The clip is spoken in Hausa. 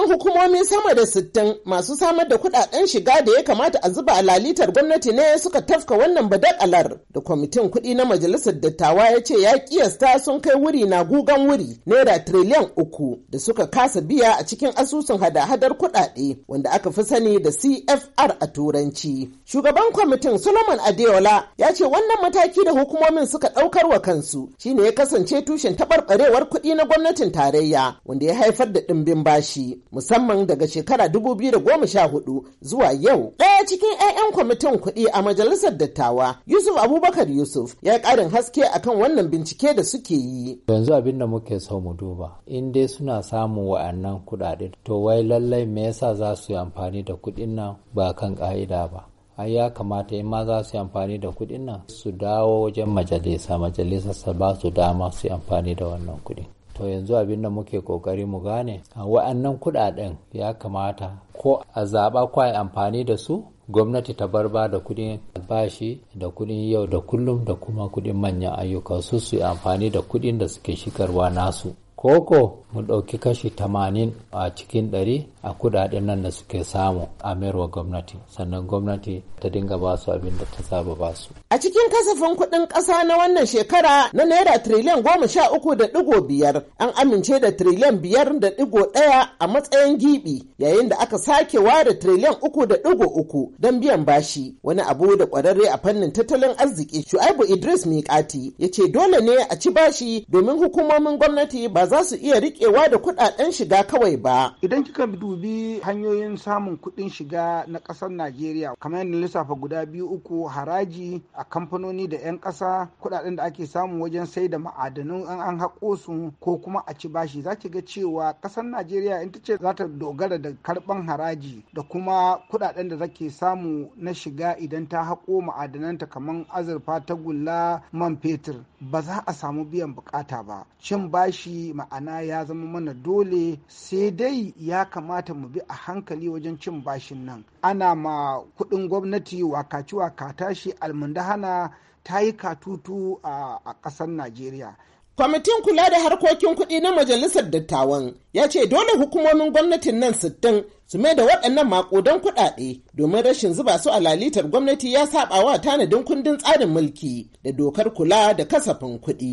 ƙananan hukumomi sama da sittin masu samar da kuɗaɗen shiga da ya kamata a zuba a lalitar gwamnati ne suka tafka wannan badakalar da kwamitin kuɗi na majalisar dattawa ya ce ya kiyasta sun kai wuri na gugan wuri naira triliyan uku da suka kasa biya a cikin asusun hada-hadar kuɗaɗe wanda aka fi sani da CFR a turanci. Shugaban kwamitin Solomon Adeola ya ce wannan mataki da hukumomin suka ɗaukar wa kansu shine ya kasance tushen taɓarɓarewar kuɗi na gwamnatin tarayya wanda ya haifar da ɗimbin bashi. musamman daga shekara 2014 zuwa yau. Ɗaya cikin 'ya'yan kwamitin kuɗi a majalisar dattawa Yusuf Abubakar Yusuf ya ƙarin haske akan wannan bincike da suke yi. Yanzu abin da muke so mu duba in dai suna samun wa'annan kuɗaɗe to wai lallai me yasa za su yi amfani da kuɗin nan ba kan ƙa'ida ba. ai ya kamata in ma za su yi amfani da kuɗin nan su dawo wajen majalisa majalisa su ba su dama su yi amfani da wannan kuɗin. to yanzu abin da muke kokari mu gane wa'annan kudaden ya kamata ko a zaɓa ko amfani da su gwamnati ta bar ba da kudin albashi da kudin yau da kullum da kuma kudin manyan ayyuka su su amfani da kudin da suke shigarwa nasu koko mun ɗauki kashi tamanin a cikin ɗari a kudaden nan da suke samu a merwa gwamnati sannan gwamnati ta dinga ba su abin da ta saba ba su. A cikin kasafin kuɗin ƙasa na wannan shekara na naira tiriliyan goma sha uku da ɗigo biyar an amince da tiriliyan biyar da ɗigo ɗaya a matsayin gibi yayin da aka sake ware tiriliyan uku da ɗigo uku don biyan bashi wani abu da ƙwararre a fannin tattalin arziki Shu'aibu Idris Miƙati ya ce dole ne a ci bashi domin hukumomin gwamnati ba za su iya riƙe miƙewa da kuɗaɗen shiga kawai ba. Idan kika dubi hanyoyin samun kuɗin shiga na ƙasar Najeriya kamar yadda lissafa guda biyu uku haraji a kamfanoni da 'yan ƙasa kuɗaɗen da ake samu wajen sai da an an haƙo su ko kuma a ci bashi za ki ga cewa ƙasar Najeriya in ta ce za ta dogara da karɓan haraji da kuma kuɗaɗen da zake samu na shiga idan ta haƙo ma'adananta kamar azurfa tagulla man fetur ba za a samu biyan bukata ba cin bashi ma'ana ya zama mana dole sai dai ya kamata mu bi a hankali wajen cin bashin nan ana ma kuɗin gwamnati wakaci waka tashi almundahana ta yi katutu a ƙasar najeriya kwamitin kula da harkokin kuɗi na majalisar dattawan ya ce dole hukumomin gwamnatin nan sittin su mai da waɗannan maƙudan kuɗaɗe domin rashin zuba su a lalitar gwamnati ya saɓa wa tanadin kundin tsarin mulki da dokar kula da kasafin kuɗi